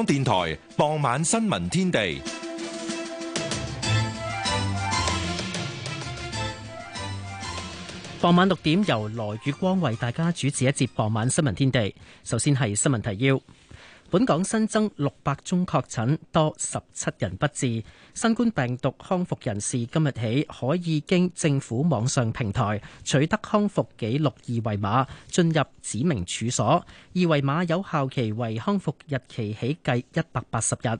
港電台傍晚新聞天地，傍晚六點由羅月光為大家主持一節傍晚新聞天地。首先係新聞提要。本港新增六百宗確診，多十七人不治。新冠病毒康復人士今日起可以經政府網上平台取得康復紀錄二維碼，進入指明處所。二維碼有效期為康復日期起計一百八十日。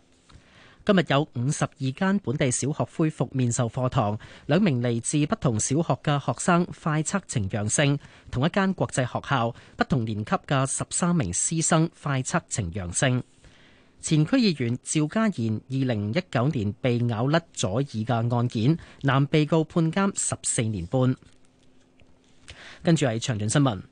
今日有五十二間本地小學恢復面授課堂，兩名嚟自不同小學嘅學生快測呈陽性，同一間國際學校不同年級嘅十三名師生快測呈陽性。前區議員趙家賢二零一九年被咬甩左耳嘅案件，男被告判監十四年半。跟住係詳盡新聞。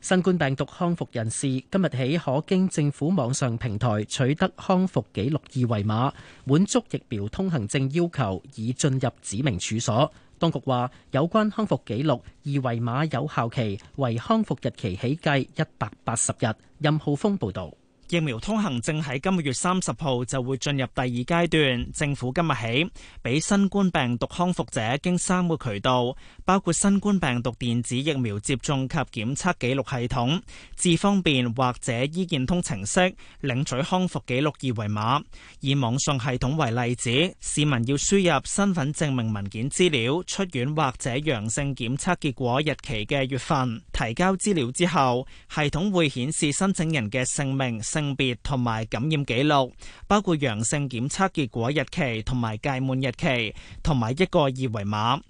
新冠病毒康復人士今日起可經政府網上平台取得康復記錄二維碼，滿足疫苗通行證要求以進入指明處所。當局話，有關康復記錄二維碼有效期為康復日期起計一百八十日。任浩峰報道。疫苗通行證喺今個月三十號就會進入第二階段。政府今日起，俾新冠病毒康復者經三個渠道，包括新冠病毒電子疫苗接種及檢測記錄系統、智方便或者醫健通程式領取康復記錄二維碼。以網上系統為例子，市民要輸入身份證明文件資料、出院或者陽性檢測結果日期嘅月份，提交資料之後，系統會顯示申請人嘅姓名。性別同埋感染記錄，包括陽性檢測結果日期同埋屆滿日期，同埋一個二維碼。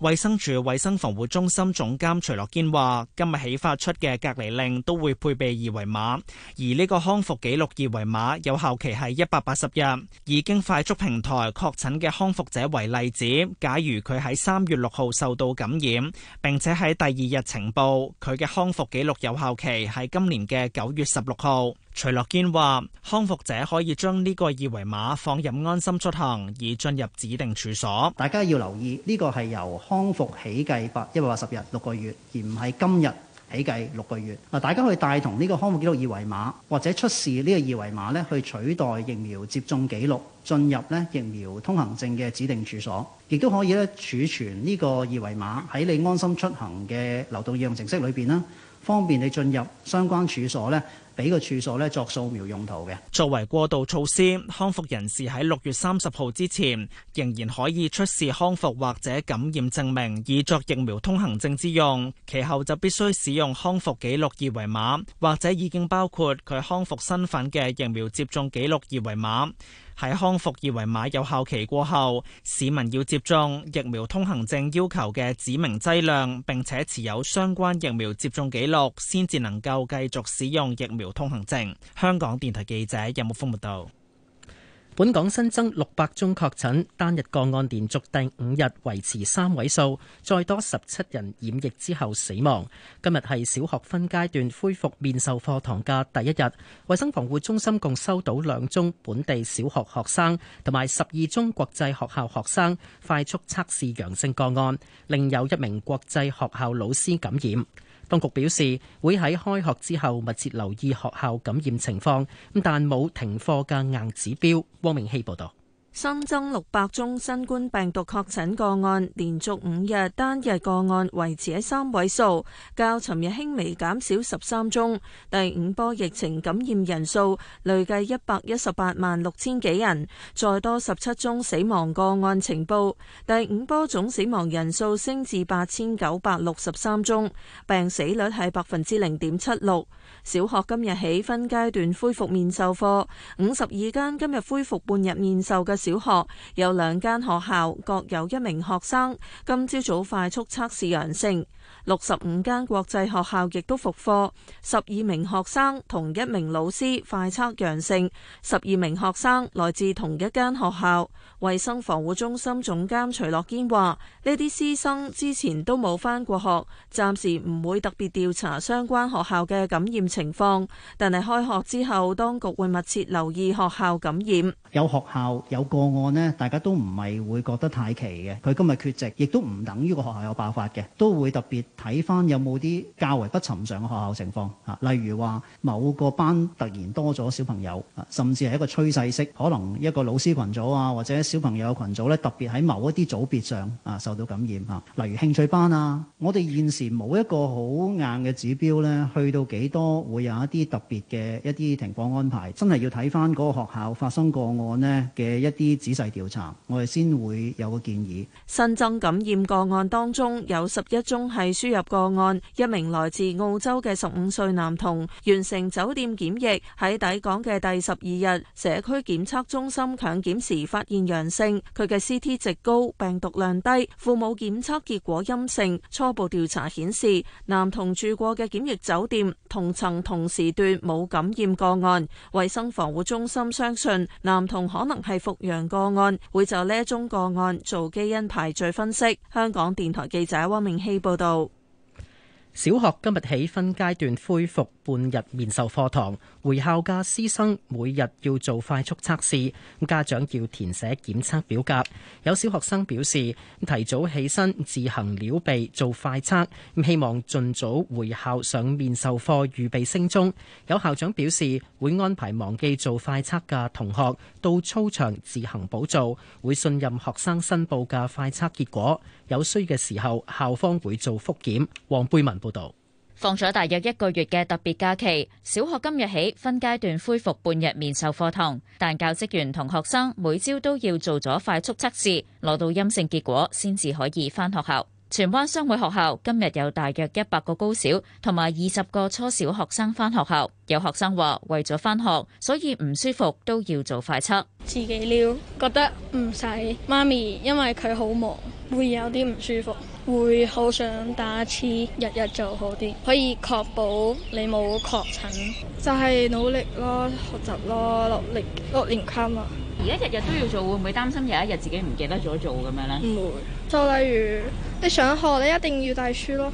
衛生署衛生防護中心總監徐樂堅話，今日起發出嘅隔離令都會配備二維碼，而呢個康復記錄二維碼有效期係一百八十日。以經快速平台確診嘅康復者為例子，假如佢喺三月六號受到感染，並且喺第二日呈報，佢嘅康復記錄有效期係今年嘅九月十六號。徐樂堅話，康復者可以將呢個二維碼放入安心出行，而進入指定處所。大家要留意，呢個係由康復起計八，百一百八十日六個月，而唔係今日起計六個月。嗱，大家去帶同呢個康復記錄二維碼或者出示呢個二維碼咧，去取代疫苗接種記錄，進入呢疫苗通行證嘅指定處所，亦都可以咧儲存呢個二維碼喺你安心出行嘅流動應用程式裏邊啦，方便你進入相關處所咧。俾個處所咧作掃描用途嘅。作為過渡措施，康復人士喺六月三十號之前仍然可以出示康復或者感染證明，以作疫苗通行證之用。其後就必須使用康復記錄二維碼，或者已經包括佢康復身份嘅疫苗接種記錄二維碼。喺康復二維碼有效期過後，市民要接種疫苗通行證要求嘅指明劑量，並且持有相關疫苗接種記錄，先至能夠繼續使用疫苗通行證。香港電台記者任木峰報道。本港新增六百宗確診，單日個案連續第五日維持三位數，再多十七人染疫之後死亡。今日係小學分階段恢復面授課堂嘅第一日，衛生防護中心共收到兩宗本地小學學生同埋十二宗國際學校學生快速測試陽性個案，另有一名國際學校老師感染。當局表示會喺開學之後密切留意學校感染情況，但冇停課嘅硬指標。汪明希報道。新增六百宗新冠病毒確診個案，連續五日單日個案維持喺三位數，較尋日輕微減少十三宗。第五波疫情感染人數累計一百一十八萬六千幾人，再多十七宗死亡個案情報。第五波總死亡人數升至八千九百六十三宗，病死率係百分之零點七六。小學今日起分階段恢復面授課，五十二間今日恢復半日面授嘅。小學有兩間學校各有一名學生今朝早快速測試陽性，六十五間國際學校亦都復課，十二名學生同一名老師快測陽性，十二名學生來自同一間學校。衛生防護中心總監徐樂堅話：呢啲師生之前都冇返過學，暫時唔會特別調查相關學校嘅感染情況，但係開學之後，當局會密切留意學校感染。有學校有個案呢，大家都唔係會覺得太奇嘅。佢今日缺席，亦都唔等於個學校有爆發嘅，都會特別睇翻有冇啲較為不尋常嘅學校情況嚇、啊。例如話，某個班突然多咗小朋友啊，甚至係一個趨勢式，可能一個老師群組啊，或者小朋友群組咧，特別喺某一啲組別上啊受到感染嚇、啊。例如興趣班啊，我哋現時冇一個好硬嘅指標咧，去到幾多會有一啲特別嘅一啲情況安排，真係要睇翻嗰個學校發生過。案呢嘅一啲仔細調查，我哋先會有個建議。新增感染個案當中有十一宗係輸入個案，一名來自澳洲嘅十五歲男童完成酒店檢疫，喺抵港嘅第十二日，社區檢測中心強檢時發現陽性，佢嘅 CT 值高，病毒量低，父母檢測結果陰性。初步調查顯示，男童住過嘅檢疫酒店同層同時段冇感染個案。衛生防護中心相信男同可能係復陽個案，會就呢一宗個案做基因排序分析。香港電台記者汪明希報導。小學今日起分階段恢復半日面授課堂。回校嘅師生每日要做快速測試，家長要填寫檢測表格。有小學生表示提早起身自行了備做快測，希望盡早回校上面授課預備升中。有校長表示會安排忘記做快測嘅同學到操場自行補做，會信任學生申報嘅快測結果。有需要嘅時候，校方會做複檢，黃貝文報道。放咗大約一個月嘅特別假期，小學今日起分階段恢復半日面授課堂，但教職員同學生每朝都要做咗快速測試，攞到陰性結果先至可以返學校。荃灣商會學校今日有大約一百個高小同埋二十個初小學生返學校，有學生話為咗返學，所以唔舒服都要做快測。自己撩，覺得唔使媽咪，因為佢好忙。會有啲唔舒服，會好想打次，日日做好啲，可以確保你冇確診，就係努力咯，學習咯，落力六年級嘛。而家日日都要做，會唔會擔心有一日自己唔記得咗做咁樣呢？唔會，就例如你上學，你一定要帶書咯。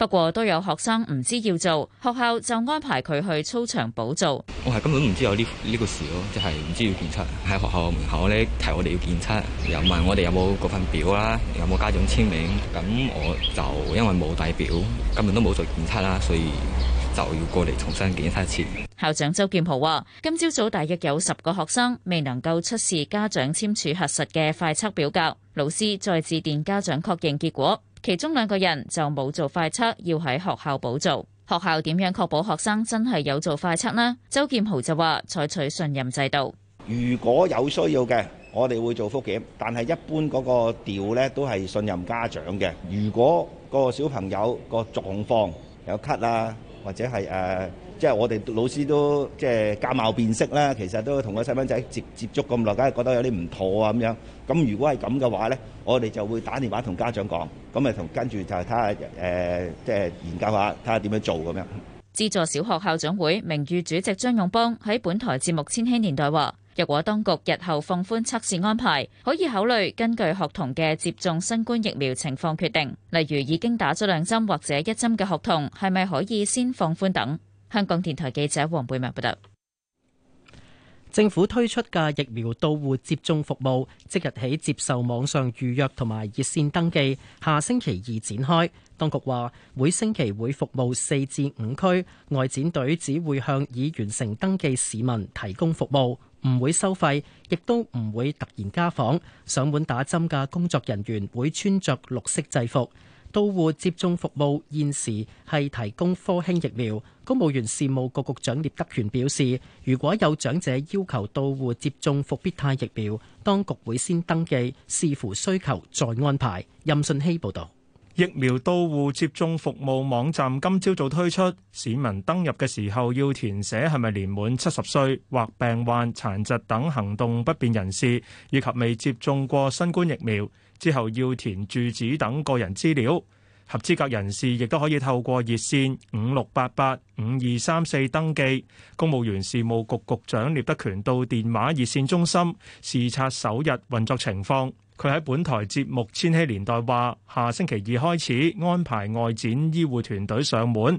不過都有學生唔知要做，學校就安排佢去操場補做。我係根本唔知有呢呢個事咯，就係唔知要檢測。喺學校門口咧，提我哋要檢測，又問我哋有冇嗰份表啦，有冇家長簽名。咁我就因為冇帶表，根本都冇做檢測啦，所以就要過嚟重新檢測一次。校長周劍豪話：今朝早大約有十個學生未能夠出示家長簽署核實嘅快測表格，老師再致電家長確認結果。其中兩個人就冇做快測，要喺學校補做。學校點樣確保學生真係有做快測呢？周劍豪就話採取信任制度。如果有需要嘅，我哋會做復檢，但係一般嗰個調呢都係信任家長嘅。如果嗰個小朋友個狀況有咳啊，或者係誒，Uh, 即係我哋老師都即係假貌變色啦。其實都同個細蚊仔接接觸咁耐，梗係覺得有啲唔妥啊咁樣。咁如果係咁嘅話咧，我哋就會打電話同家長講。咁咪同跟住就係睇下誒，即係研究下睇下點樣做咁樣。資助小學校長會名譽主席張勇邦喺本台節目《千禧年代》話：若果當局日後放寬測試安排，可以考慮根，根據學童嘅接種新冠疫苗情況決定，例如已經打咗兩針或者一針嘅學童係咪可以先放寬等。香港電台記者黃貝文報道，政府推出嘅疫苗到戶接種服務，即日起接受網上預約同埋熱線登記，下星期二展開。當局話，每星期會服務四至五區，外展隊只會向已完成登記市民提供服務，唔會收費，亦都唔會突然家訪，上門打針嘅工作人員會穿着綠色制服。到戶接種服務現時係提供科興疫苗。公務員事務局局長聶德權表示，如果有長者要求到戶接種復必泰疫苗，當局會先登記，視乎需求再安排。任信希報道。疫苗到戶接種服務網站今朝早推出，市民登入嘅時候要填寫係咪年滿七十歲或病患、殘疾等行動不便人士，以及未接種過新冠疫苗。之後要填住址等個人資料，合資格人士亦都可以透過熱線五六八八五二三四登記。公務員事務局局長聶德權到電話熱線中心視察首日運作情況，佢喺本台節目《千禧年代》話：下星期二開始安排外展醫護團隊上門。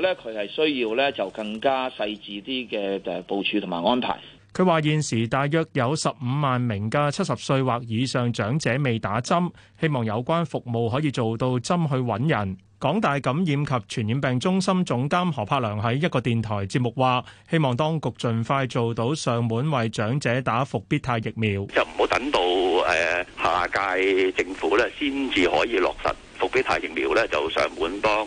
咧佢係需要咧就更加細緻啲嘅誒部署同埋安排。佢話現時大約有十五萬名嘅七十歲或以上長者未打針，希望有關服務可以做到針去揾人。港大感染及傳染病中心總監何柏良喺一個電台節目話：希望當局盡快做到上門為長者打復必泰疫苗，就唔好等到誒、呃、下屆政府咧先至可以落實。復必泰疫苗咧就上門幫誒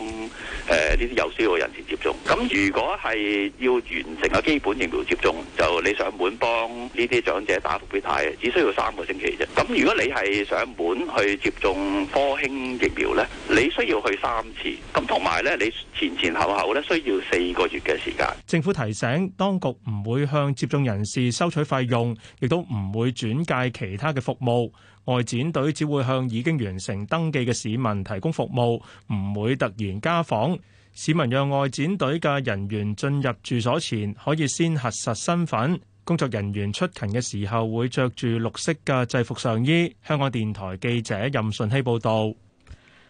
呢啲有需要嘅人士接種。咁如果係要完成個基本疫苗接種，就你上門幫呢啲長者打復必泰，只需要三個星期啫。咁如果你係上門去接種科興疫苗咧，你需要去三次，咁同埋咧你前前後後咧需要四個月嘅時間。政府提醒，當局唔會向接種人士收取費用，亦都唔會轉介其他嘅服務。外展隊只會向已經完成登記嘅市民提供服務，唔會突然家訪。市民讓外展隊嘅人員進入住所前，可以先核實身份。工作人員出勤嘅時候會着住綠色嘅制服上衣。香港電台記者任順希報導。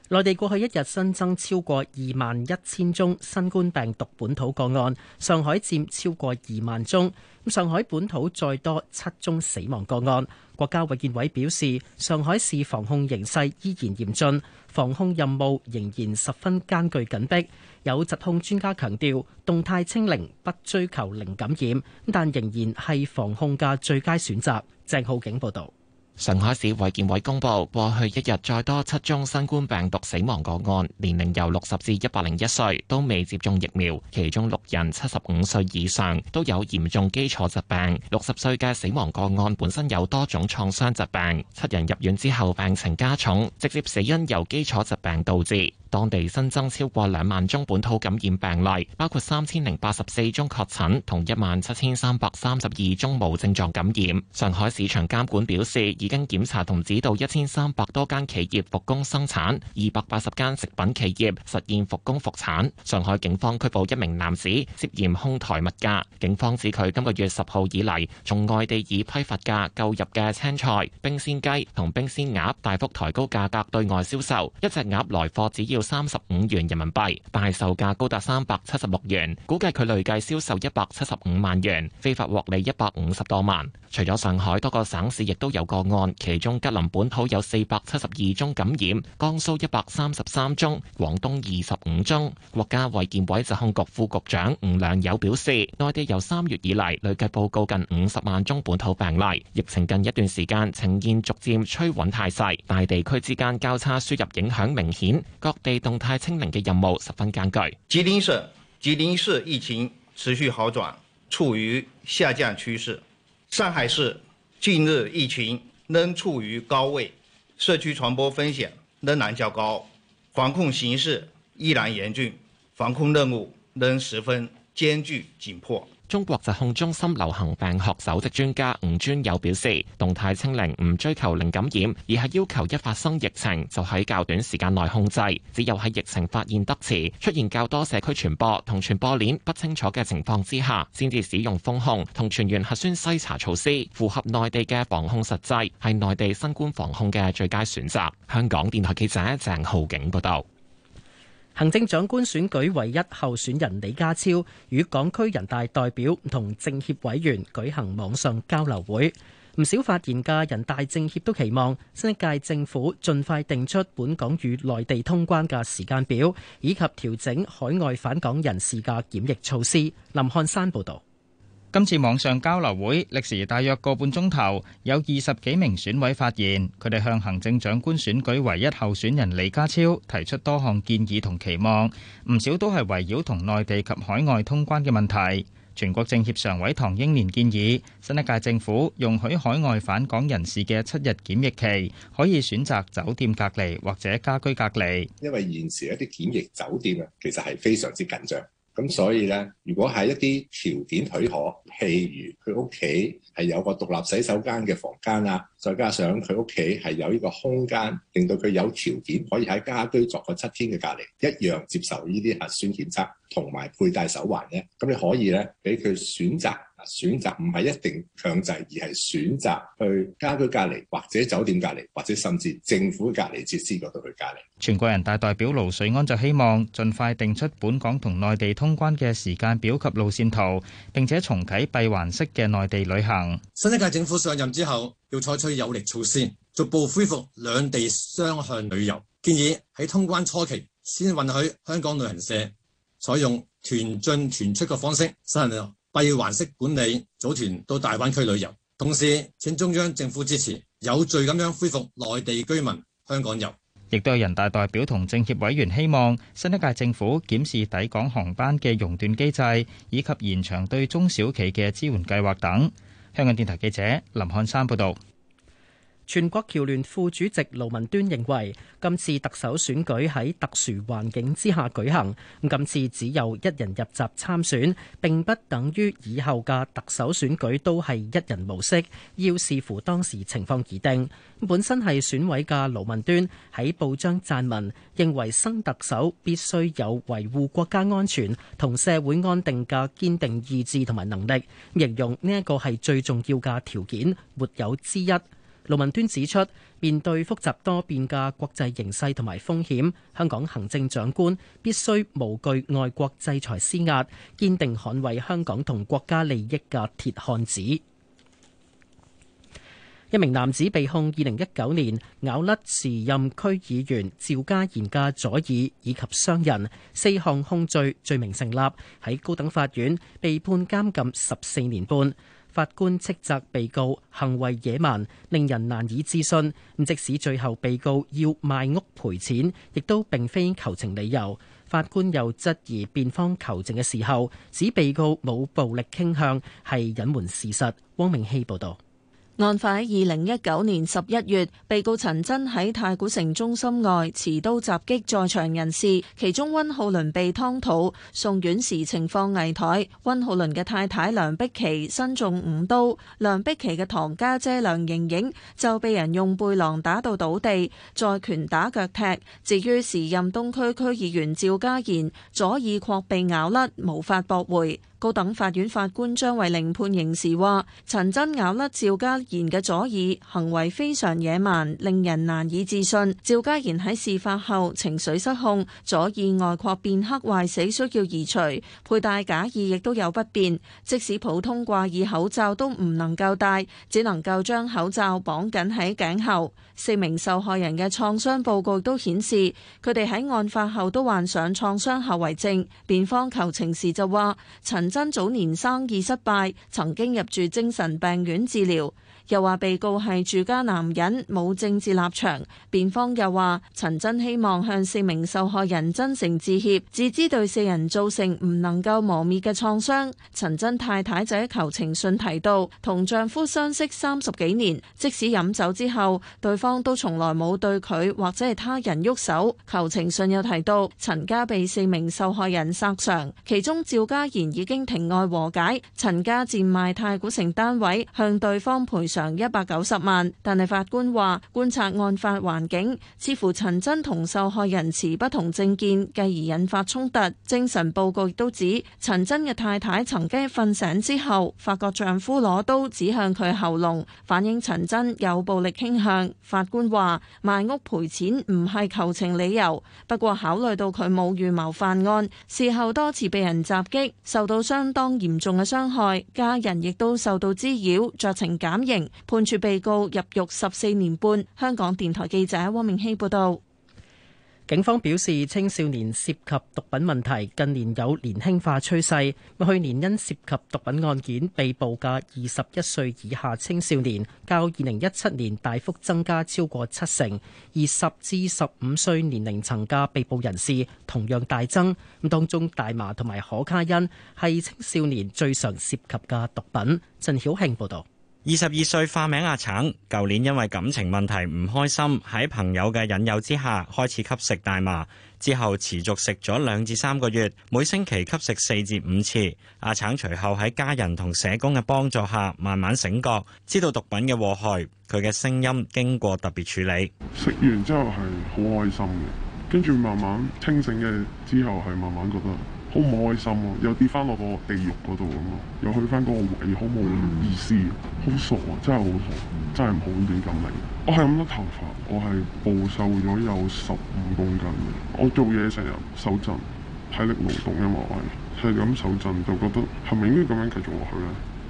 內地過去一日新增超過二萬一千宗新冠病毒本土個案，上海佔超過二萬宗。上海本土再多七宗死亡個案，國家衛健委表示，上海市防控形勢依然嚴峻，防控任務仍然十分艱巨緊迫。有疾控專家強調，動態清零，不追求零感染，但仍然係防控嘅最佳選擇，鄭浩景報道。上海市衛健委公布，過去一日再多七宗新冠病毒死亡個案，年齡由六十至一百零一歲，都未接種疫苗。其中六人七十五歲以上，都有嚴重基礎疾病。六十歲嘅死亡個案本身有多種創傷疾病，七人入院之後病情加重，直接死因由基礎疾病導致。當地新增超過兩萬宗本土感染病例，包括三千零八十四宗確診，同一萬七千三百三十二宗無症狀感染。上海市場監管表示，已經檢查同指導一千三百多間企業復工生產，二百八十間食品企業實現復工復產。上海警方拘捕一名男子，涉嫌哄抬物價。警方指佢今個月十號以嚟，從外地以批發價購入嘅青菜、冰鮮雞同冰鮮鴨，大幅抬高價格對外銷售，一隻鴨來貨只要三十五元人民幣，大售價高達三百七十六元，估計佢累計銷售一百七十五萬元，非法獲利一百五十多萬。除咗上海，多個省市亦都有個案，其中吉林本土有四百七十二宗感染，江蘇一百三十三宗，廣東二十五宗。國家衛健委疾控局副局長吳良有表示，內地由三月以嚟累計報告近五十萬宗本土病例，疫情近一段時間呈現逐漸趨穩態勢，大地區之間交叉輸入影響明顯，各地。動態清零嘅任務十分艱巨。吉林省吉林市疫情持續好轉，處於下降趨勢。上海市近日疫情仍處於高位，社區傳播風險仍然較高，防控形勢依然嚴峻，防控任務仍十分艱巨緊緊迫。中國疾控中心流行病學首席專家吳尊友表示，動態清零唔追求零感染，而係要求一發生疫情就喺較短時間內控制。只有喺疫情發現得遲、出現較多社區傳播同傳播鏈不清楚嘅情況之下，先至使用封控同全員核酸篩查措施，符合內地嘅防控實際，係內地新冠防控嘅最佳選擇。香港電台記者鄭浩景報道。行政長官選舉唯一候選人李家超與港區人大代表同政協委員舉行網上交流會，唔少發言嘅人大政協都期望新一屆政府盡快定出本港與內地通關嘅時間表，以及調整海外返港人士嘅檢疫措施。林漢山報道。今次網上交流會歷時大約個半鐘頭，有二十幾名選委發言，佢哋向行政長官選舉唯一候選人李家超提出多項建議同期望，唔少都係圍繞同內地及海外通關嘅問題。全國政協常委唐英年建議，新一屆政府容許海外返港人士嘅七日檢疫期可以選擇酒店隔離或者家居隔離，因為現時一啲檢疫酒店啊，其實係非常之緊張。咁所以咧，如果係一啲條件許可，譬如佢屋企係有個獨立洗手間嘅房間啦，再加上佢屋企係有呢個空間，令到佢有條件可以喺家居作個七天嘅隔離，一樣接受呢啲核酸檢測同埋佩戴手環咧，咁你可以咧俾佢選擇。選擇唔係一定強制，而係選擇去家居隔離，或者酒店隔離，或者甚至政府隔離設施嗰度去隔離。全國人大代表盧瑞安就希望盡快定出本港同內地通關嘅時間表及路線圖，並且重啓閉環式嘅內地旅行。新一屆政府上任之後，要採取有力措施，逐步恢復兩地雙向旅遊。建議喺通關初期先允許香港旅行社採用團進團出嘅方式。新一閉環式管理組團到大灣區旅遊，同時請中央政府支持有序咁樣恢復內地居民香港遊。亦都有人大代表同政協委員希望新一屆政府檢視抵港航班嘅熔斷機制，以及延長對中小企嘅支援計劃等。香港電台記者林漢山報導。全國僑聯副主席盧文端認為，今次特首選舉喺特殊環境之下舉行，咁今次只有一人入閘參選，並不等於以後嘅特首選舉都係一人模式，要視乎當時情況而定。咁本身係選委嘅盧文端喺報章撰文，認為新特首必須有維護國家安全同社會安定嘅堅定意志同埋能力，形容呢一個係最重要嘅條件，沒有之一。盧文端指出，面對複雜多變嘅國際形勢同埋風險，香港行政長官必須無懼外國制裁施壓，堅定捍衛香港同國家利益嘅鐵漢子。一名男子被控二零一九年咬甩時任區議員趙家賢嘅左耳以及傷人，四項控罪罪名成立，喺高等法院被判監禁十四年半。法官斥責被告行為野蠻令人難以置信。即使最後被告要賣屋賠錢亦都並非求情理由。法官又質疑辯方求證嘅時候，指被告冇暴力傾向，係隱瞞事實，汪明希報道。案發喺二零一九年十一月，被告陳真喺太古城中心外持刀襲擊在場人士，其中溫浩倫被湯土送院時情況危殆溫浩倫嘅太太梁碧琪身中五刀，梁碧琪嘅堂家姐梁瑩瑩就被人用背囊打到倒地，再拳打腳踢至於時任東區區議員趙家賢左耳廓被咬甩，無法駁回。高等法院法官張慧玲判刑時話：陳真咬甩趙家賢嘅左耳，行為非常野蠻，令人難以置信。趙家賢喺事發後情緒失控，左耳外擴變黑壞死，需要移除。佩戴假耳亦都有不便，即使普通掛耳口罩都唔能夠戴，只能夠將口罩綁緊喺頸後。四名受害人嘅創傷報告都顯示，佢哋喺案發後都患上創傷後遺症。辯方求情時就話陳。真早年生意失敗，曾經入住精神病院治療。又話被告係住家男人，冇政治立場。辯方又話陳真希望向四名受害人真誠致歉，自知對四人造成唔能夠磨滅嘅創傷。陳真太太就喺求情信提到，同丈夫相識三十幾年，即使飲酒之後，對方都從來冇對佢或者係他人喐手。求情信又提到，陳家被四名受害人索償，其中趙家賢已經庭外和解，陳家賤賣太古城單位向對方賠償。償一百九十萬，但係法官話觀察案發環境，似乎陳真同受害人持不同證件，繼而引發衝突。精神報告亦都指陳真嘅太太曾經瞓醒之後，發覺丈夫攞刀指向佢喉嚨，反映陳真有暴力傾向。法官話賣屋賠錢唔係求情理由，不過考慮到佢冇預謀犯案，事後多次被人襲擊，受到相當嚴重嘅傷害，家人亦都受到滋擾，酌情減刑。判處被告入獄十四年半。香港電台記者汪明熙報道。警方表示，青少年涉及毒品問題近年有年輕化趨勢。去年因涉及毒品案件被捕嘅二十一歲以下青少年，較二零一七年大幅增加超過七成。而十至十五歲年齡層嘅被捕人士同樣大增。當中大麻同埋可卡因係青少年最常涉及嘅毒品。陳曉慶報道。二十二歲化名阿橙，舊年因為感情問題唔開心，喺朋友嘅引誘之下開始吸食大麻，之後持續食咗兩至三個月，每星期吸食四至五次。阿橙隨後喺家人同社工嘅幫助下，慢慢醒覺，知道毒品嘅禍害。佢嘅聲音經過特別處理，食完之後係好開心嘅，跟住慢慢清醒嘅之後係慢慢覺得。好唔開心咯、啊，又跌翻落個地獄嗰度咁咯，又去翻嗰個位，好冇意思、啊，好傻啊！真係好傻，真係唔好亂咁嚟。我係咁甩頭髮，我係暴瘦咗有十五公斤。我做嘢成日手震，體力勞動嘛，因為我係咁手震，就覺得係咪應該咁樣繼續落去咧？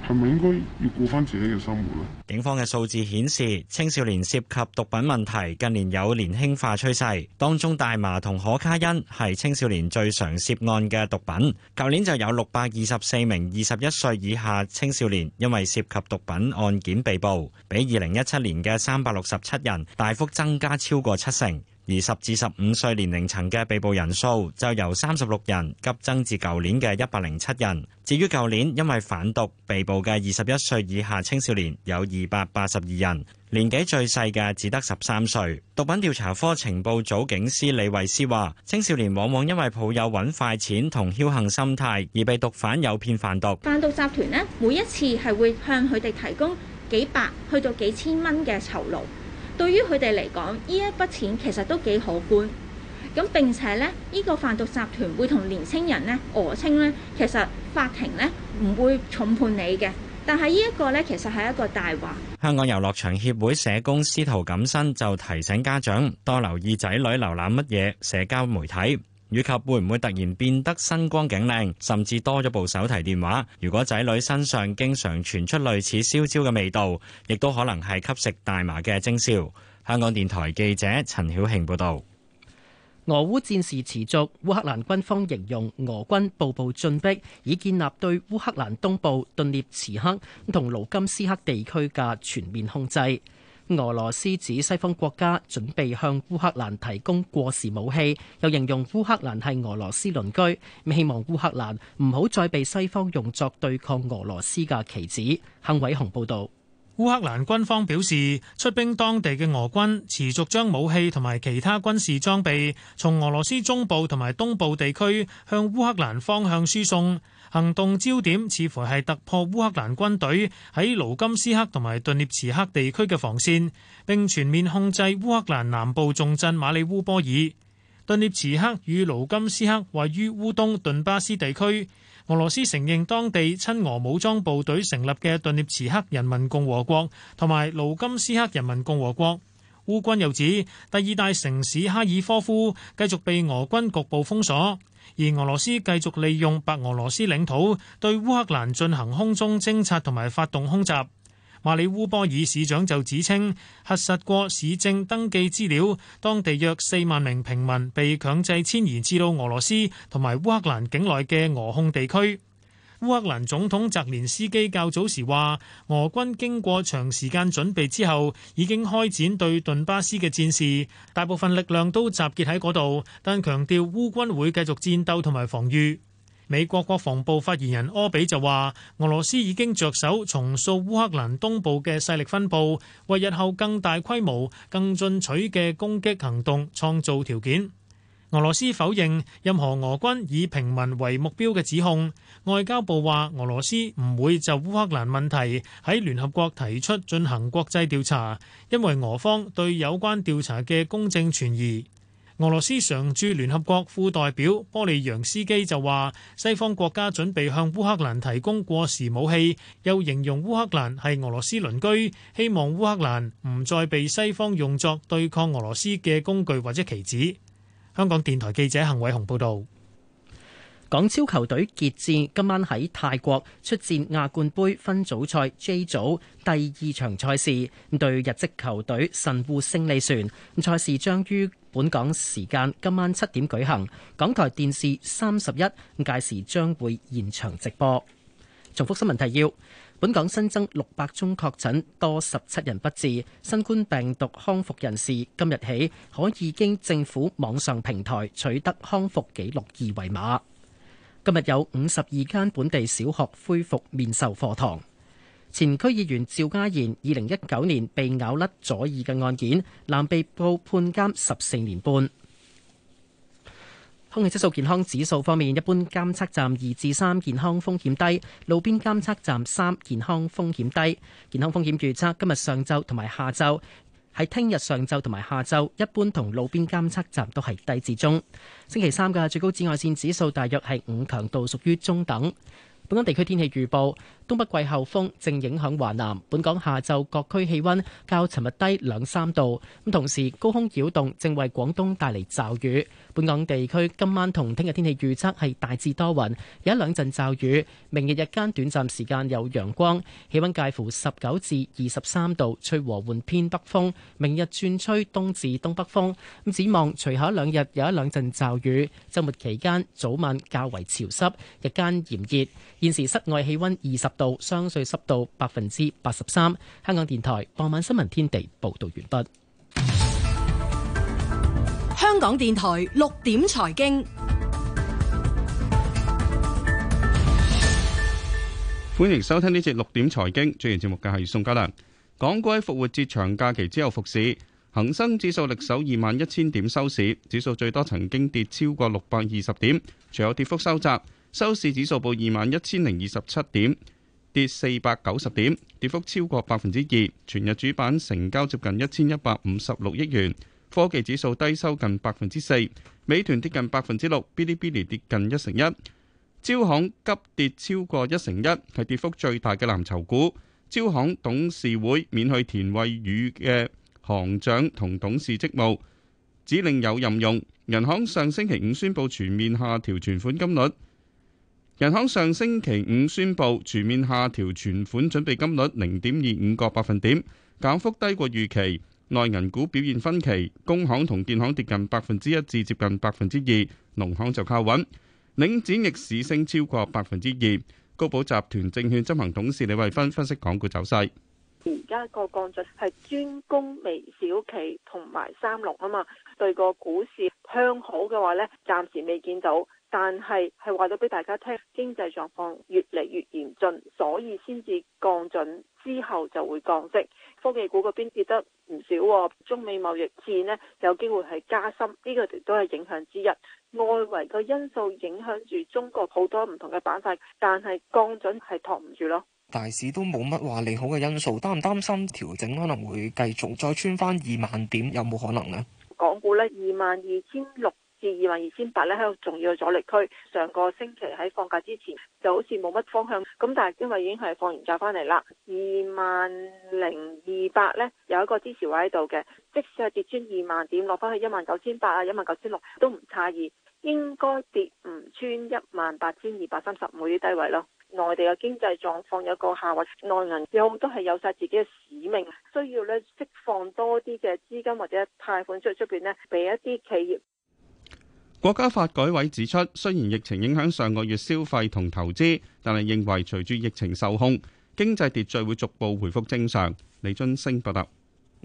係咪應該要過返自己嘅生活囉？警方嘅數字顯示，青少年涉及毒品問題近年有年輕化趨勢，當中大麻同可卡因係青少年最常涉案嘅毒品。舊年就有六百二十四名二十一歲以下青少年因為涉及毒品案件被捕，比二零一七年嘅三百六十七人大幅增加超過七成。而十至十五歲年齡層嘅被捕人數就由三十六人急增至舊年嘅一百零七人。至於舊年因為販毒被捕嘅二十一歲以下青少年有二百八十二人，年紀最細嘅只得十三歲。毒品調查科情報組警司李維斯話：青少年往往因為抱有揾快錢同僥幸心態，而被毒販誘騙販毒。販毒集團呢，每一次係會向佢哋提供幾百去到幾千蚊嘅酬勞。對於佢哋嚟講，呢一筆錢其實都幾可觀，咁並且呢，呢個販毒集團會同年青人呢訛稱呢，其實法庭呢唔會重判你嘅，但係呢一個呢，其實係一個大話。香港遊樂場協會社工司徒錦新就提醒家長多留意仔女瀏覽乜嘢社交媒體。以及會唔會突然變得新光景靚，甚至多咗部手提電話？如果仔女身上經常傳出類似燒焦嘅味道，亦都可能係吸食大麻嘅徵兆。香港電台記者陳曉慶報道，俄烏戰事持續，烏克蘭軍方形容俄軍步步進逼，已建立對烏克蘭東部頓涅茨克同盧甘斯克地區嘅全面控制。俄羅斯指西方國家準備向烏克蘭提供過時武器，又形容烏克蘭係俄羅斯鄰居，咁希望烏克蘭唔好再被西方用作對抗俄羅斯嘅棋子。幸偉雄報導，烏克蘭軍方表示，出兵當地嘅俄軍持續將武器同埋其他軍事裝備從俄羅斯中部同埋東部地區向烏克蘭方向輸送。行動焦點似乎係突破烏克蘭軍隊喺盧甘斯克同埋頓涅茨克地區嘅防線，並全面控制烏克蘭南部重鎮馬里烏波爾。頓涅茨克與盧甘斯克位於烏東頓巴斯地區。俄羅斯承認當地親俄武裝部隊成立嘅頓涅茨克人民共和國同埋盧甘斯克人民共和國。烏軍又指，第二大城市哈爾科夫繼續被俄軍局部封鎖，而俄羅斯繼續利用白俄羅斯領土對烏克蘭進行空中偵察同埋發動空襲。馬里烏波爾市長就指稱，核實過市政登記資料，當地約四萬名平民被強制遷移至到俄羅斯同埋烏克蘭境內嘅俄控地區。烏克蘭總統澤連斯基較早時話，俄軍經過長時間準備之後，已經開展對頓巴斯嘅戰事，大部分力量都集結喺嗰度，但強調烏軍會繼續戰鬥同埋防禦。美國國防部發言人柯比就話，俄羅斯已經着手重塑烏克蘭東部嘅勢力分佈，為日後更大規模、更進取嘅攻擊行動創造條件。俄羅斯否認任何俄軍以平民為目標嘅指控。外交部話俄羅斯唔會就烏克蘭問題喺聯合國提出進行國際調查，因為俄方對有關調查嘅公正存疑。俄羅斯常駐聯合國副代表波利揚斯基就話，西方國家準備向烏克蘭提供過時武器，又形容烏克蘭係俄羅斯鄰居，希望烏克蘭唔再被西方用作對抗俄羅斯嘅工具或者棋子。香港電台記者邢偉雄報道，港超球隊傑志今晚喺泰國出戰亞冠杯分組賽 J 組第二場賽事，對日籍球隊神戶勝利船。賽事將於本港時間今晚七點舉行，港台電視三十一屆時將會現場直播。重複新聞提要。本港新增六百宗確診，多十七人不治。新冠病毒康復人士今日起可以經政府網上平台取得康復紀錄二維碼。今日有五十二間本地小學恢復面授課堂。前區議員趙家賢二零一九年被咬甩左耳嘅案件，男被告判監十四年半。空氣質素健康指數方面，一般監測站二至三健康風險低，路邊監測站三健康風險低。健康風險預測今日上晝同埋下晝，喺聽日上晝同埋下晝，一般同路邊監測站都係低至中。星期三嘅最高紫外線指數大約係五強度，屬於中等。本港地區天氣預報，東北季候風正影響華南，本港下晝各區氣温較尋日低兩三度。咁同時高空擾動正為廣東帶嚟驟雨。本港地區今晚同聽日天氣預測係大致多雲，有一兩陣驟雨。明日日間短暫時間有陽光，氣温介乎十九至二十三度，吹和緩偏北風。明日轉吹東至東北風。咁展望，隨後兩日有一兩陣驟雨。周末期間早晚較為潮濕，日間炎熱。現時室外氣温二十度，相對濕度百分之八十三。香港電台傍晚新聞天地報道完畢。香港電台六點財經，歡迎收聽呢節六點財經。主持節目嘅係宋嘉良。港股復活節長假期之後復市，恆生指數力守二萬一千點收市，指數最多曾經跌超過六百二十點，隨後跌幅收窄，收市指數報二萬一千零二十七點，跌四百九十點，跌幅超過百分之二。全日主板成交接近一千一百五十六億元。科技指數低收近百分之四，美團跌近百分之六，Bilibili 跌近一成一，招行急跌超過一成一，係跌幅最大嘅藍籌股。招行董事會免去田惠宇嘅行長同董事職務，指令有任用。人行上星期五宣布全面下調存款金率，人行上星期五宣布全面下調存款準備金率零點二五個百分點，減幅低過預期。內銀股表現分歧，工行同建行跌近百分之一至接近百分之二，農行就靠穩。領展逆市升超過百分之二。高寶集團證券執行董事李慧芬分析港股走勢：而家個降準係專攻微小企同埋三六啊嘛，對個股市向好嘅話呢，暫時未見到。但係係話咗俾大家聽，經濟狀況越嚟越嚴峻，所以先至降準之後就會降息。科技股嗰邊跌得唔少喎、哦，中美貿易戰呢，有機會係加深，呢、呢個都係影響之一。外圍嘅因素影響住中國好多唔同嘅板塊，但係降準係托唔住咯。大市都冇乜話利好嘅因素，擔唔擔心調整可能會繼續再穿翻二萬點，有冇可能呢？港股呢，二萬二千六。二萬二千八咧喺度重要嘅阻力區，上個星期喺放假之前就好似冇乜方向，咁但係因為已經係放完假翻嚟啦，二萬零二百咧有一個支持位喺度嘅，即使係跌穿二萬點，落翻去一萬九千八啊，一萬九千六都唔詫異，應該跌唔穿一萬八千二百三十呢啲低位咯。內地嘅經濟狀況有個下滑，內銀有都係有晒自己嘅使命，需要咧釋放多啲嘅資金或者貸款出出邊咧俾一啲企業。國家發改委指出，雖然疫情影響上個月消費同投資，但係認為隨住疫情受控，經濟秩序會逐步回復正常。李津升報道。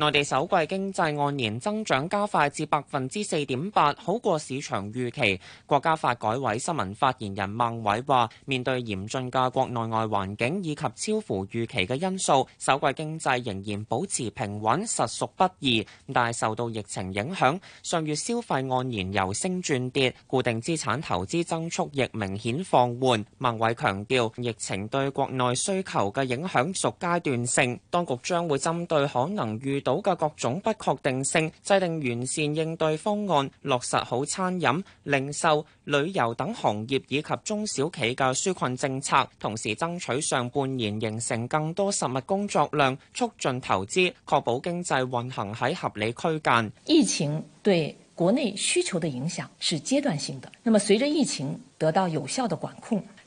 內地首季經濟按年增長加快至百分之四點八，好過市場預期。國家發改委新聞發言人孟偉話：面對嚴峻嘅國內外環境以及超乎預期嘅因素，首季經濟仍然保持平穩，實屬不易。但受到疫情影響，上月消費按年由升轉跌，固定資產投資增速亦明顯放緩。孟偉強調：疫情對國內需求嘅影響屬階段性，當局將會針對可能遇到到嘅各種不確定性，制定完善應對方案，落實好餐飲、零售、旅遊等行業以及中小企嘅紓困政策，同時爭取上半年形成更多實物工作量，促進投資，確保經濟運行喺合理區間。疫情對國內需求的影響是階段性的，那麼隨着疫情得到有效的管控。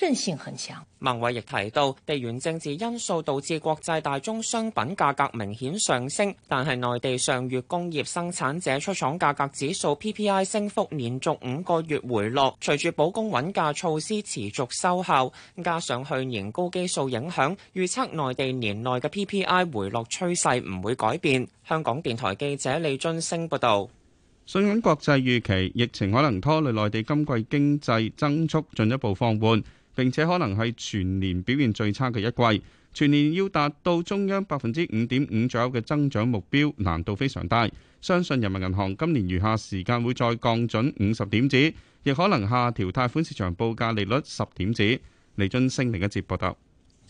韌性很強，孟偉亦提到，地緣政治因素導致國際大宗商品價格明顯上升，但係內地上月工業生產者出廠價格指數 PPI 升幅連續五個月回落，隨住保供穩價措施持續收效，加上去年高基數影響，預測內地年內嘅 PPI 回落趨勢唔會改變。香港電台記者李俊升報道。信銀國際預期疫情可能拖累內地今季經濟增速進一步放緩。並且可能係全年表現最差嘅一季，全年要達到中央百分之五點五左右嘅增長目標，難度非常大。相信人民銀行今年餘下時間會再降準五十點子，亦可能下調貸款市場報價利率十點子。李津升另一節報道。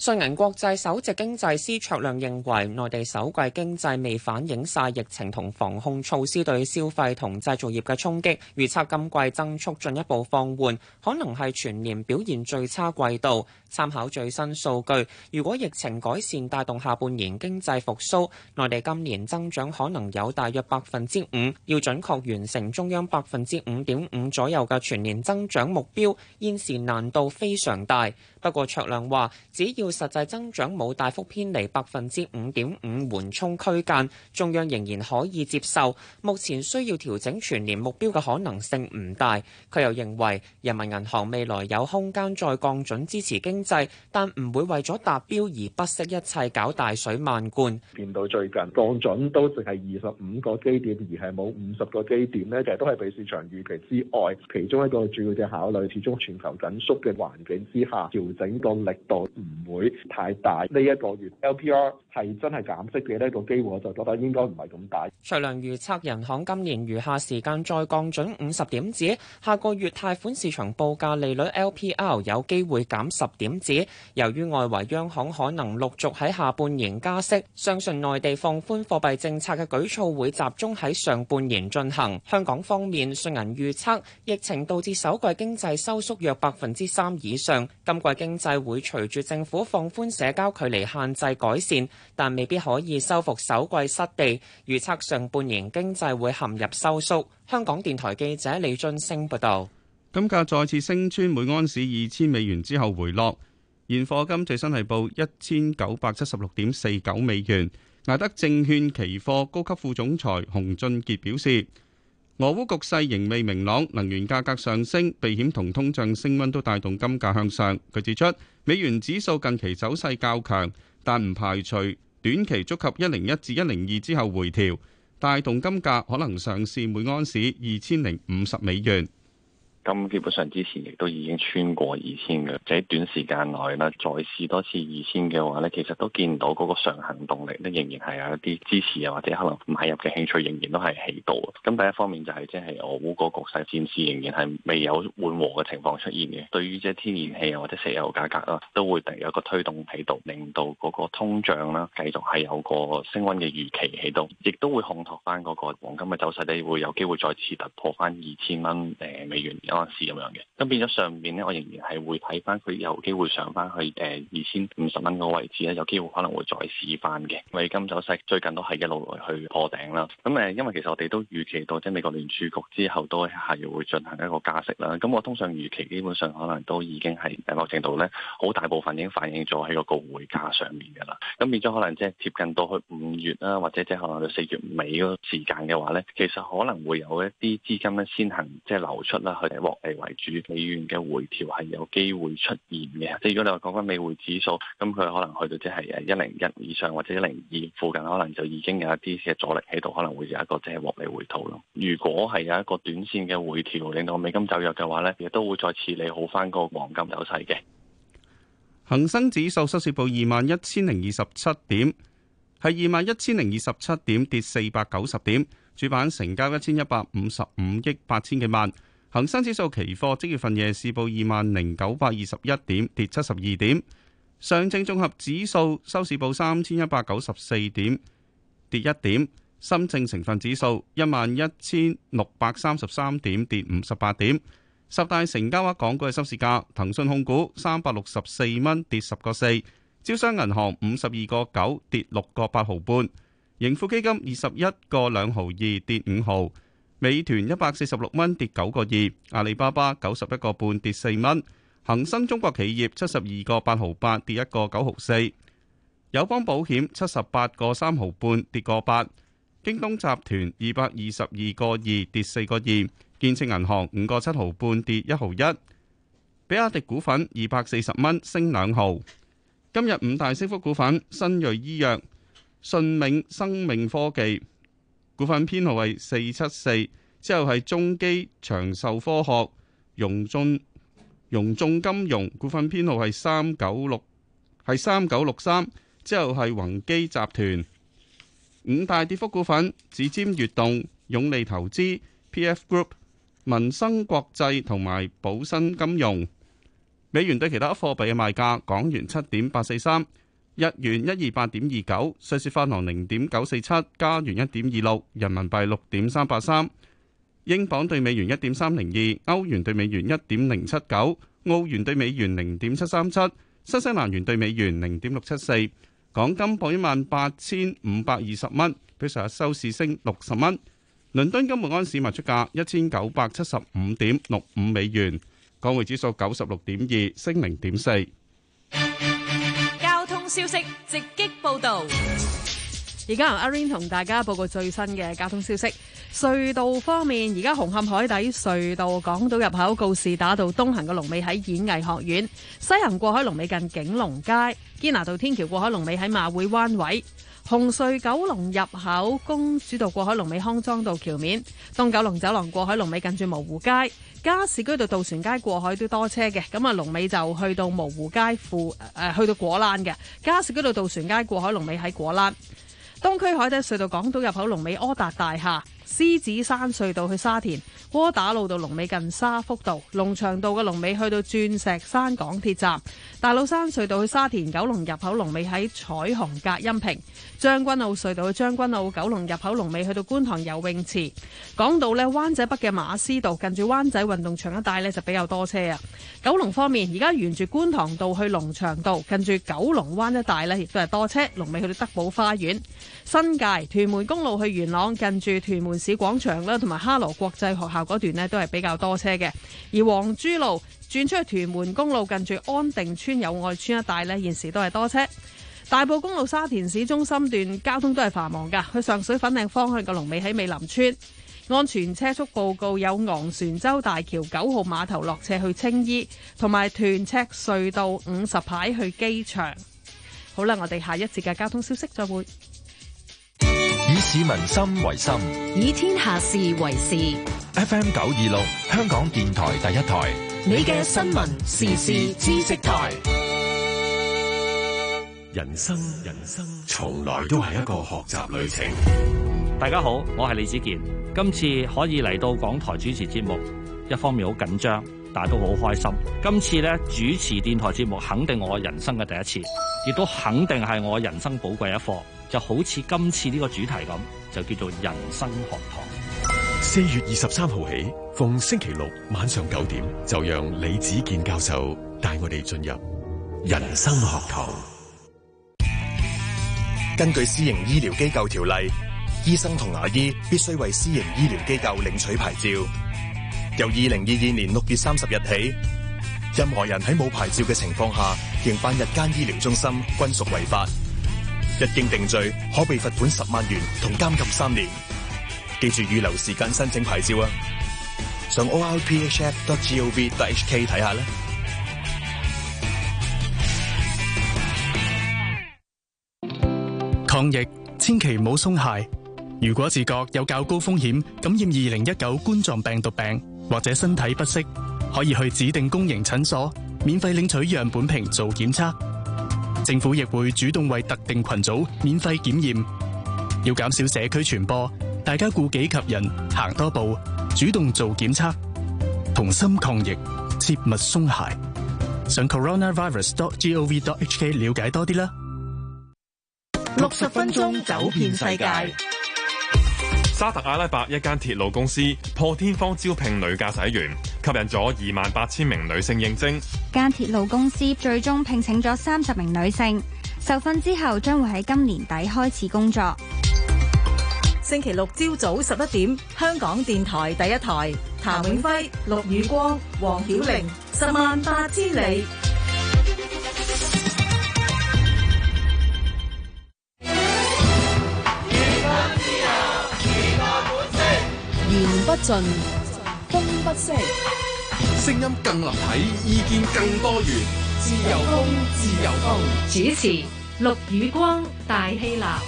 信銀國際首席經濟師卓亮認為，內地首季經濟未反映晒疫情同防控措施對消費同製造業嘅衝擊，預測今季增速進一步放緩，可能係全年表現最差季度。參考最新數據，如果疫情改善帶動下半年經濟復甦，內地今年增長可能有大約百分之五，要準確完成中央百分之五點五左右嘅全年增長目標，現時難度非常大。不過卓亮話，只要實際增長冇大幅偏離百分之五點五緩衝區間，中央仍然可以接受。目前需要調整全年目標嘅可能性唔大。佢又認為，人民銀行未來有空間再降準支持經濟，但唔會為咗達標而不惜一切搞大水漫灌。見到最近降準都淨係二十五個基點，而係冇五十個基點呢，其實都係比市場預期之外。其中一個主要嘅考慮，始終全球緊縮嘅環境之下調。整個力度唔會太大，呢一個月 LPR 係真係減息嘅呢個機會，我就覺得應該唔係咁大。徐良預測人行今年餘下時間再降準五十點子，下個月貸款市場報價利率 LPR 有機會減十點子。由於外圍央行可能陸續喺下半年加息，相信內地放寬貨幣政策嘅舉措會集中喺上半年進行。香港方面，信銀預測疫情導致首季經濟收縮約百分之三以上，今季。經濟會隨住政府放寬社交距離限制改善，但未必可以收復首季失地。預測上半年經濟會陷入收縮。香港電台記者李俊升報導，金價再次升穿每安士二千美元之後回落，現貨金最新係報一千九百七十六點四九美元。艾德證券期貨高級副總裁洪俊傑表示。俄烏局勢仍未明朗，能源價格上升，避險同通脹升温都帶動金價向上。佢指出，美元指數近期走勢較強，但唔排除短期觸及一零一至一零二之後回調，帶動金價可能上試每安士二千零五十美元。咁基本上之前亦都已經穿過二千嘅，喺短時間內咧再試多次二千嘅話咧，其實都見到嗰個上行動力咧仍然係有一啲支持啊，或者可能買入嘅興趣仍然都係喺度。咁第一方面就係即係俄烏個局勢戰事仍然係未有緩和嘅情況出現嘅，對於即係天然氣啊或者石油價格啦，都會突然有一個推動喺度，令到嗰個通脹啦繼續係有個升温嘅預期喺度，亦都會烘托翻嗰個黃金嘅走勢，你會有機會再次突破翻二千蚊誒美元。咁樣嘅，咁變咗上面咧，我仍然係會睇翻佢有機會上翻去誒二千五十蚊嗰位置咧，有機會可能會再試翻嘅。因為金走勢最近都係一路去破頂啦。咁誒，因為其實我哋都預期到，即係美國聯儲局之後都係會進行一個加息啦。咁我通常預期基本上可能都已經係誒某程度咧，好大部分已經反映咗喺個個匯價上面噶啦。咁變咗可能即係貼近到去五月啦，或者即係可能到四月尾嗰時間嘅話咧，其實可能會有一啲資金咧先行即係流出啦去獲利為主，美元嘅回調係有機會出現嘅。即係如果你話講翻美匯指數，咁佢可能去到即係誒一零一以上或者一零二附近，可能就已經有一啲嘅阻力喺度，可能會有一個即係獲利回吐咯。如果係有一個短線嘅回調令到美金走弱嘅話呢亦都會再次利好翻個黃金走勢嘅。恒生指數收市報二萬一千零二十七點，係二萬一千零二十七點跌四百九十點，主板成交一千一百五十五億八千幾萬。恒生指數期貨即月份夜市報二萬零九百二十一點，跌七十二點。上證綜合指數收市報三千一百九十四點，跌一點。深證成分指數一萬一千六百三十三點，跌五十八點。十大成交額港股嘅收市價：騰訊控股三百六十四蚊，跌十個四；招商銀行五十二個九，跌六個八毫半；盈富基金二十一個兩毫二，跌五毫。美團一百四十六蚊跌九個二，阿里巴巴九十一個半跌四蚊，恒生中國企業七十二個八毫八跌一個九毫四，友邦保險七十八個三毫半跌個八，京東集團二百二十二個二跌四個二，建設銀行五個七毫半跌一毫一，比亞迪股份二百四十蚊升兩毫，今日五大升幅股份：新銳醫藥、信銘生命科技。股份編號係四七四，之後係中基長壽科學、融中融中金融股份編號係三九六，係三九六三，之後係宏基集團。五大跌幅股份：指尖悅動、勇利投資、PF Group、民生國際同埋寶新金融。美元對其他貨幣嘅賣價：港元七點八四三。日元一二八點二九，瑞士法郎零點九四七，加元一點二六，人民幣六點三八三，英鎊兌美元一點三零二，歐元兌美元一點零七九，澳元兌美元零點七三七，新西蘭元兌美元零點六七四，港金報一萬八千五百二十蚊，比上日收市升六十蚊。倫敦金每安士賣出價一千九百七十五點六五美元，港匯指數九十六點二，升零點四。消息直擊報道，而家由阿 Rain 同大家報告最新嘅交通消息。隧道方面，而家紅磡海底隧道港島入口告士打道東行嘅龍尾喺演藝學院，西行過海龍尾近景隆街，堅拿道天橋過海龍尾喺馬會灣位。紅隧九龍入口公主道過海，龍尾康莊道橋面；東九龍走廊過海，龍尾近住蕪湖街；加士居道渡船街過海都多車嘅，咁啊龍尾就去到蕪湖街附誒、呃、去到果欄嘅；加士居道渡船街過海龍尾喺果欄；東區海底隧道港島入口龍尾柯達大廈；獅子山隧道去沙田。波打路，到龍尾近沙福道，龍翔道嘅龍尾去到鑽石山港鐵站，大老山隧道去沙田九龍入口龍尾喺彩虹隔音屏，將軍澳隧道去將軍澳九龍入口龍尾去到觀塘游泳池。港島呢灣仔北嘅馬師道近住灣仔運動場一帶呢就比較多車啊。九龍方面而家沿住觀塘道去龍翔道，近住九龍灣一帶呢亦都係多車，龍尾去到德寶花園、新界屯門公路去元朗近住屯門市廣場啦，同埋哈羅國際學校。嗰段呢都係比較多車嘅，而黃珠路轉出去屯門公路，近住安定村、友愛村一帶呢，現時都係多車。大埔公路沙田市中心段交通都係繁忙㗎，去上水粉嶺方向嘅龍尾喺美林村。安全車速報告有昂船洲大橋九號碼頭落斜去青衣，同埋屯赤隧道五十排去機場。好啦，我哋下一節嘅交通消息再會。以市民心為心，以天下事為事。FM 九二六，香港電台第一台，你嘅新聞時事知識台。人生，人生從來都係一個學習旅程。大家好，我係李子健。今次可以嚟到港台主持節目，一方面好緊張，但係都好開心。今次呢主持電台節目，肯定我人生嘅第一次，亦都肯定係我人生寶貴一課。就好似今次呢個主題咁，就叫做人生學堂。四月二十三號起，逢星期六晚上九點，就讓李子健教授帶我哋進入人生學堂。Yes. 根據私營醫療機構條例，醫生同牙醫必須為私營醫療機構領取牌照。由二零二二年六月三十日起，任何人喺冇牌照嘅情況下營辦日間醫療中心，均屬違法。一經定罪，可被罰款十萬元同監禁三年。記住預留時間申請牌照啊！上 orphf.gov.hk 睇下啦。抗疫千祈唔好鬆懈。如果自覺有較高風險感染二零一九冠狀病毒病，或者身體不適，可以去指定公營診所免費領取樣本瓶做檢測。政府亦會主動為特定群組免費檢驗，要減少社區傳播，大家顧己及人，行多步，主動做檢測，同心抗疫，切勿鬆懈。上 coronavirus.gov.hk 了解多啲啦。六十分鐘走遍世界。沙特阿拉伯一間鐵路公司破天荒招聘女駕駛員。吸引咗二萬八千名女性應徵，間鐵路公司最終聘請咗三十名女性，受訓之後將會喺今年底開始工作。星期六朝早十一點，香港電台第一台，譚永輝、陸宇光、黃曉玲，十萬八千里。言不盡。音聲音更立體，意見更多元。自由風，自由風。 主持：陸宇光、大希娜。